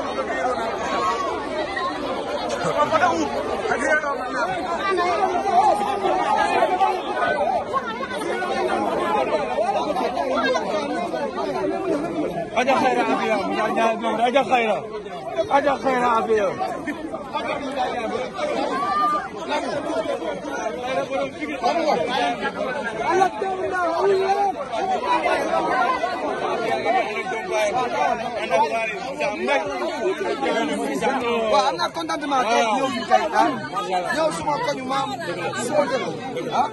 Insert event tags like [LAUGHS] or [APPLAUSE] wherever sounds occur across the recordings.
Aja Khaira Abiyo, Aja Khaira, Aja Khaira Abiyo. Allah Allah waa am naa contentement tey ñëw fi tey ah ñëw suma koñu maam suma dëkk ah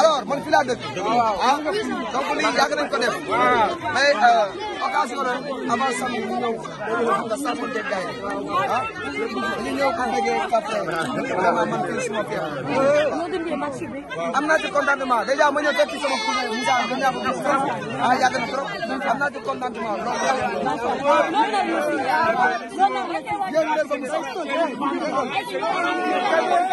alors man fi laa dëkk ah donc lii yàgg nañ ko def mais occasion la avant samedi ñu ñëw nga sàmmante gaay ah ñu ñëw pour déggee café vraiment man fii suma fier am naa ci contentement déjà ma ñëw fekk sama cousin Moussa gën naa ko gis trop ah yàgg na trop am naa ci contentement loolu yéen leen ko Moussa yéen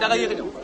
daga yëkkati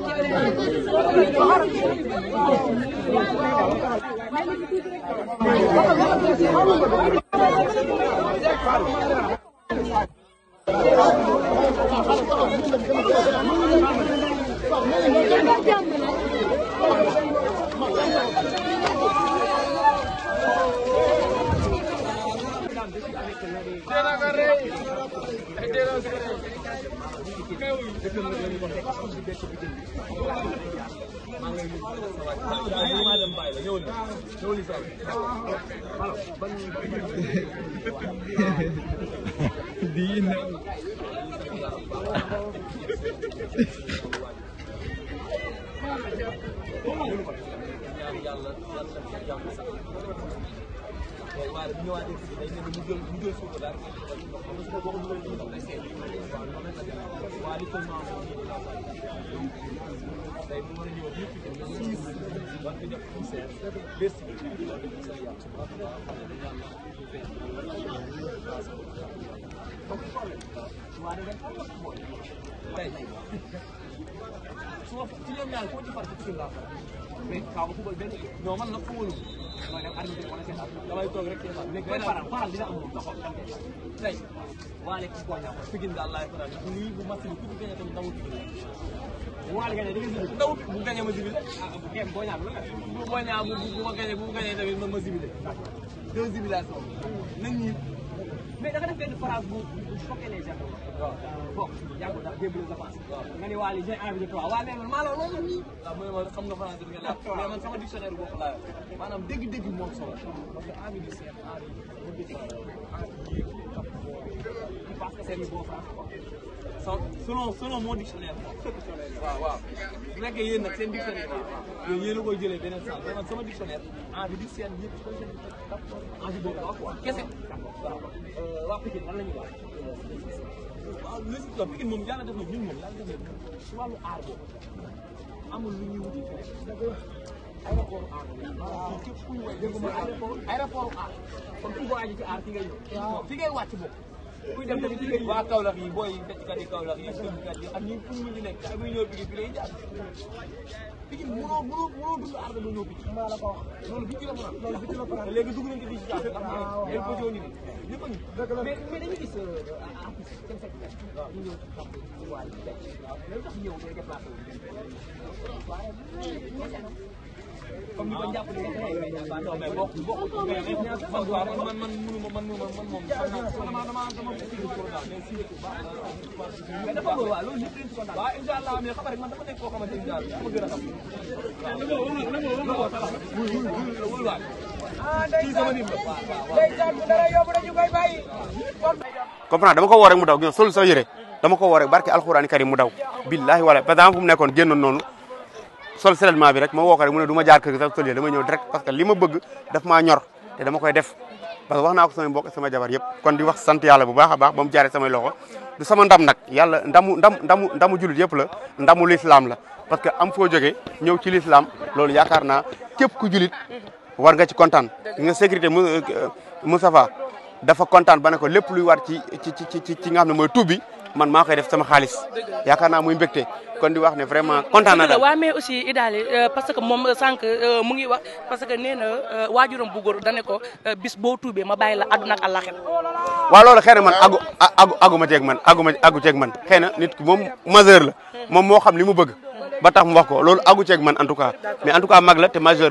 Thank you. di na yàlla [LAUGHS] waaye bu ñëwaatee fii day mel ni mu jël mu jël suuf daal parce que boo ko mënee dund daf lay seet waaw noonu la demee waaye li ko mën a mën donc tey mu mën a ñëw ñëpp itam six ba nga def pour seet bés bi tey su ma ci ñoom ñaar koo ci far ci laa far mais xaw ma football benn non man nag footballu mooy dem arbitre wala seen affaire damay toog rek faral faral dina am moom taxaw da ngay tey waale ki ko ñaaw Pikine daal laay faral ndax lii bu match bi ku ci gagné tamit ndawu Pikine la waale gagné da nga ndawu bu gagné ma zibilé ah bu gem boo ñaaw la bu boo ñaaw bu bu ma gagné bu ma gagné tamit ma ma zibilé deux zibilations nañ ñii mais da nga def benn phrase bu choqué les gens. waaw bon yàggul dara démb la avance. waaw nga ne waa li j'ai envie de toi waa nee na maa la loolu nii. waaw mu ne ma xam nga français bi nga laaj. mais man sama dictionnaire bopp laa yor maanaam dégg-dégg moom solo parce que envie de seet envie de seet envie de seet parce que seen i boo français selon selon mon dictionnaire [LAUGHS] waaw waaw bu nekkee yéen nag seen dictionnaire yooyu yéen a koy jëlee beneen sens mais man sama dictionnaire en ah, bi seen yëpp en bi boobu quoi kese waaw euh, waa Pikine man la ñu wax euh, waaw lu si topp Pikine moom yàlla def na ñun moom yàlla def na si wàllu aar boobu amul lu ñuy wuti aéroport aar maanaam ah, képp kuy wax aéroport aéroport aar kon ku ko aji ci aar fi ngay ñëw fi ngay wàcc boobu buy dem tamit ci waa Kaolack yi booy yi fecckat yi Kaolack yi fecckat yi ak ñi fu mu nekk ak muy ñëw bi bi lay jaar picc mënoo mënoo mënoo dund aar ba ñëw picc maa la ko wax loolu picc la mën a loolu picc la mën a léegi dugg nañ ah, ko fii ci jàpp xam ne dañ ko jóoni ni ñëpp a mais mais dañu gis euh, artiste seen secteur ñu ñëw ci xam ci waa yi fecc loolu tax ñëw day déplacé comme ni ko jàpp ni bu baax mais dafa bëri waaw a xam ko woo mu daw gis sol sa yére dama ko woo rek barke alxuraani karim mu daw billahi wala par exemple fu mu nekkoon génnoon noonu sol seulement bi rek ma woo ko rek mu ne du ma jaar kër gi sax sol dama ñëw direct parce que li ma bëgg daf maa ñor te dama koy def parce que wax naa ko samay mbokk sama jabar yëpp kon di wax sant yàlla bu baax a baax ba mu sama ndam nag yàlla ndamu ndam ndamu ndamu jullit yëpp la ndamu lislaam la parce que am foo jógee ñëw ci lislaam loolu yaakaar naa képp ku jullit war nga ci kontaan nga sécurité euh, Moustapha dafa kontaan ba ne ko lépp luy war ci ci ci ci nga xam ne mooy tuub bi man maa koy def sama xaalis yakaar naa muy mbégte kon di wax ne vraiment kontaan na daal waaw mais aussi Idaly euh, parce que moom euh, sànq euh, mu ngi wax parce que nee na waajuram bu góor dane ko bis boo tuubee ma bàyyi la àdduna ak àllaxira waaw loolu xëy na man agu agu aguma ceeg man aguma agu ceeg man xëy na nit ki moom majeur la moom moo xam li mu bëgg ba tax mu wax ko loolu agu ceeg man en tout cas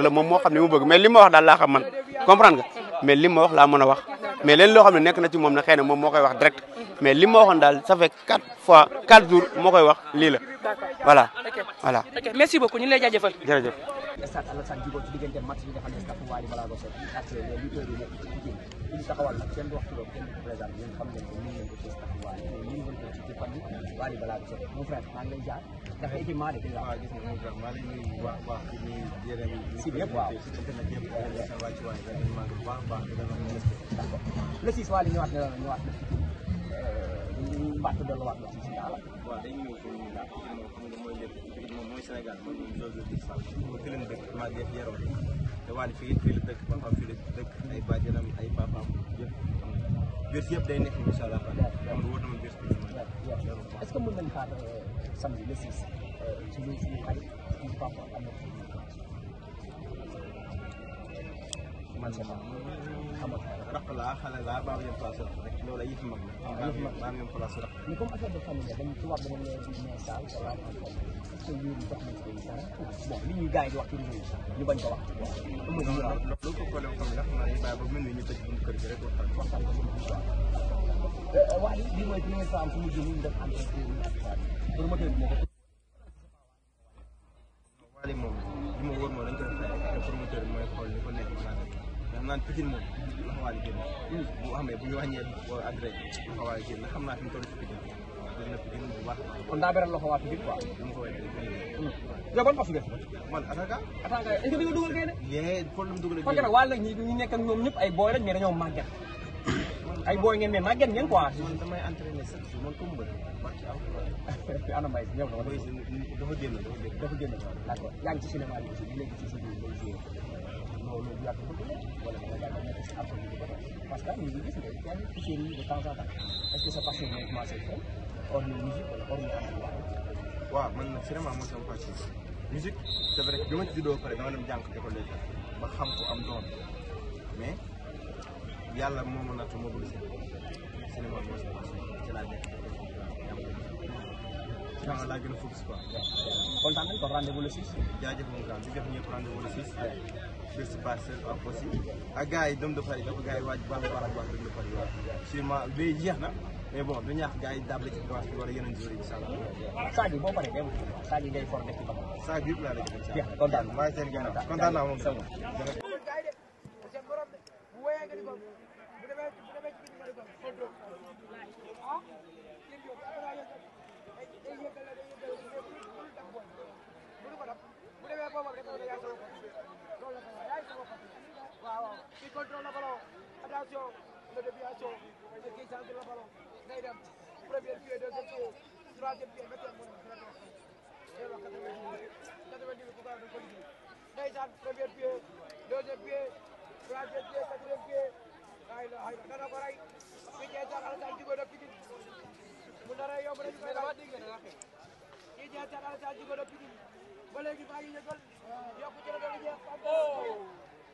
moom moo xam li mu bëgg mais li ma wax daal laa xam man comprendre nga mais li ma wax laa mën a wax mais leen loo xam ne nekk na ci moom na xëy na moom moo koy wax direct mais li ma daal ça quatre fois quatre jours moo koy wax lii la voilà merci beaucoup ñu ngi lay jaajëfal jërëjëf liñ taxawal nag kenn du wax ci loolu kenn du ko présenté yéen xam ngeen ko nii ngeen ko ci taxawal waaye nii ngeen ko ci ci fan yi waaye balaa bi mon frère maa ngi lay jaar ndax équipement de déjà waaw gis nga mon frère maa ngi lay nuyu baax baax di nuyu yeneen yi si yëpp waaw si dëkk nag yëpp sa wàcc waay vraiment bu baax baax di leen am d'accord le six waa li ñëwaat ne la ñëwaat na ci mbàtt delluwaat na ci si daala waaw dañ ñëw pour ñu ndax xam nga mooy lépp moom mooy Sénégal mooy ñun Jojo di Sall moo fi leen dëkk maa def yaram te Wally fii fii la dëkk papaam fii la dëkk ay bàjjanam ay papaam yëpp am na bés yëpp day nekk incha allah am na wóor na ma bés bi est-ce que mën nañ xaar euh, samedi le 6 euh, ci ñun suñu xarit suñu papa am na man sama xamal raq laa xale laa baax yem passé rek loolu ay yëfi mag la. Ah, yëfi mag la maanaam place su mais comme affaire de famille dañ ci wax dama leen di ne Sall sa waay est-ce que yooyu jox na ci dara bon li ñuy gars yi di wax ci réseau yi ñu bañ ko wax. amul loolu loolu problème famille la xam naa ne bàyyi ba mel ni ñu tëj buñu kër gi rek waxtaan waxtaan ko waaw. Euh, waaye lii mooy première fois su ma jëm ñu def entretien bi ak moom li ma wóor mooy dañ koy fay te promoteur bi mooy xool li ko nekk dam naan Pikine moom Waly génn bu amee bu ñu wàññee adré Waly génn xam naa fi mu toll ci Pikine gën na Pikine bu baax kon daa beral loxo waa Pikine quoi dama ko wéy yow ban pass nga man ataka ah. ataka est-ce que di nga dugal kay de yee kon lu mu dugal parce que wàll nag ñi nekk ak ñoom ñëpp ay booy lañ mais dañoo màgget [COUGHS] ay booy ngeen mais màgget ngeen quoi man damay entraîné chaque jour man comme mbër ci ana mbay ñëw na dafa génn dafa génn d'accord yaa ngi ci cinéma bi aussi léegi ci suñu loolu yàgg bëgg la wala dana parce que ñu ngi gis nga yaa ngi piqué sa passion ma commencé foofu hormis musique wala waaw man nag vraiment mooy sama passion musique c'est vrai que bi ma ci juddoo pare dama dem jàng école de ba xam ko am doon mais yàlla moo ma natt ma bëgg cinéma incha allah gën a focus quoi. kontaan nañ kon rendez vous le 6. jaajëf moom daal di def ñëpp rendez vous le 6. bés si base seen en aussi ak ah, gars yi dëm de Paris dafa waaj baax a baax a dëm de Paris waaw. sûrement luy jeex na mais bon du ñaax gars yi dable ci avance bi wala yeneen jours yi incha allah. Sadio boo paree dem Sadio ngay for nekk ci boppam. Sadio yëpp laa la gis. jeex kontaan naa maa ngi seen kontaan naa moom sama. bu demee bu demee ci biir contrôle le ballon attention la déviation de Gueye Sane le ballon day dem premier pied deuxième pied troisième pied météo moom dina toog day wax quatre-vingt-dix mille quatre-vingt-dix mille pour que Gueye Sane premier pied deuxième pied troisième pied quatrième pied ay la ay la dana ko rey fii Gueye Sane Alassane Djigo de Pikine mu nar a yomb rek ñu koy rey fii Gueye Sane Alassane Djigo de Pikine ba léegi maa ngi yëgal yokku ci la doon jeex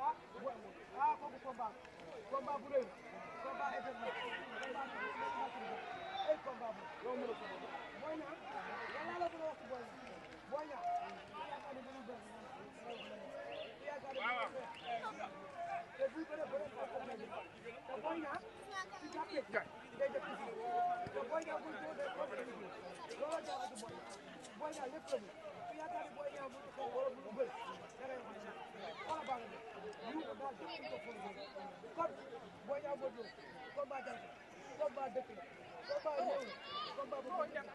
ah kooku combat combat bu rëy combat éternel combat bu rëy ay combat bu rëy booy ñaan yàlla la ko wax ci booy booy ñaan yaakaar ne dañu bëri yaakaar ne te buy bëre bëre ko ko bëri te booy ñaan ci jàppee day def ci te booy ñaan buy jógee ko ko loolu jaaratu booy booy ñaan lépp la kon boo ñaaw ba dóor combat jàll combat dëkk la combat réew la combat bu ko dem ba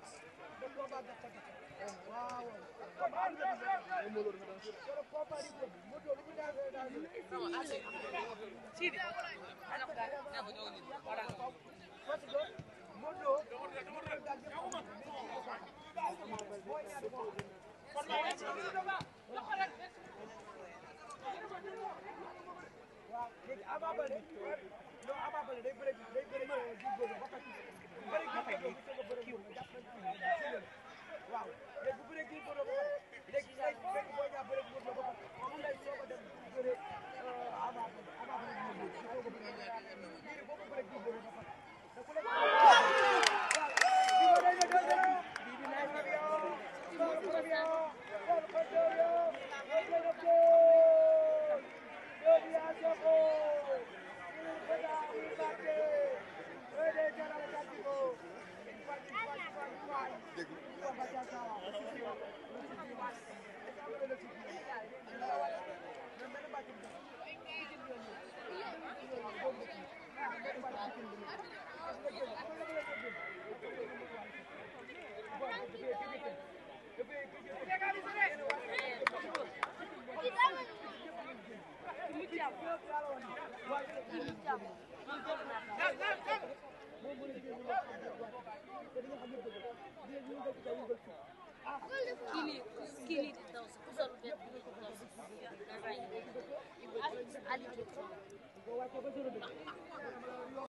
combat gàcce gàcce waaw kon am na solo combat di dem mu dóor ñu daal daal ci di ana ko daal na bu ñëw ni wala ko parce que mo do daal daal Ama Baldé Kini kini details kusol bet details na right. Ali